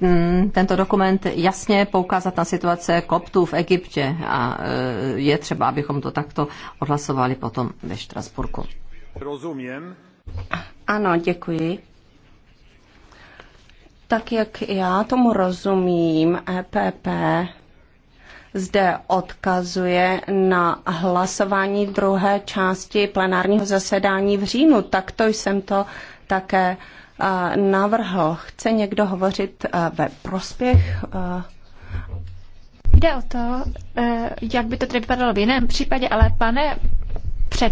Mm, tento dokument jasně poukázat na situace koptů v Egyptě a e, je třeba, abychom to takto odhlasovali potom ve Štrasburku. Rozumím. Ano, děkuji. Tak jak já tomu rozumím, EPP zde odkazuje na hlasování druhé části plenárního zasedání v říjnu. Takto jsem to také eh, navrhl. Chce někdo hovořit eh, ve prospěch? Eh? Jde o to, jak by to tedy vypadalo v jiném případě, ale pane